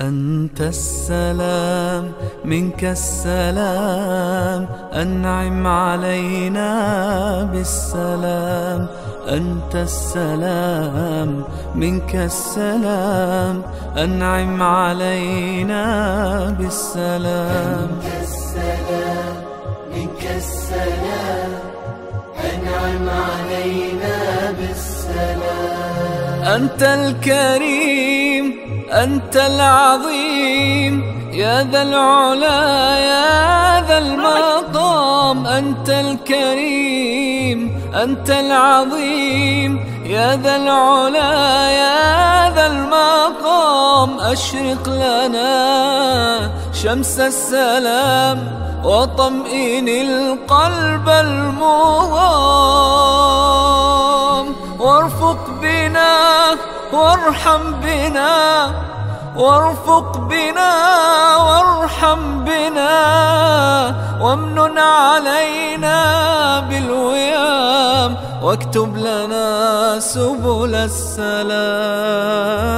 أنت السلام منك السلام أنعم علينا بالسلام أنت السلام منك السلام أنعم علينا بالسلام أنت السلام منك السلام أنعم علينا بالسلام أنت الكريم أنت العظيم يا ذا العلا يا ذا المقام أنت الكريم أنت العظيم يا ذا العلا يا ذا المقام أشرق لنا شمس السلام وطمئن القلب المغام وارفق بنا وارحم بنا وارفق بنا وارحم بنا وامنن علينا بالويام واكتب لنا سبل السلام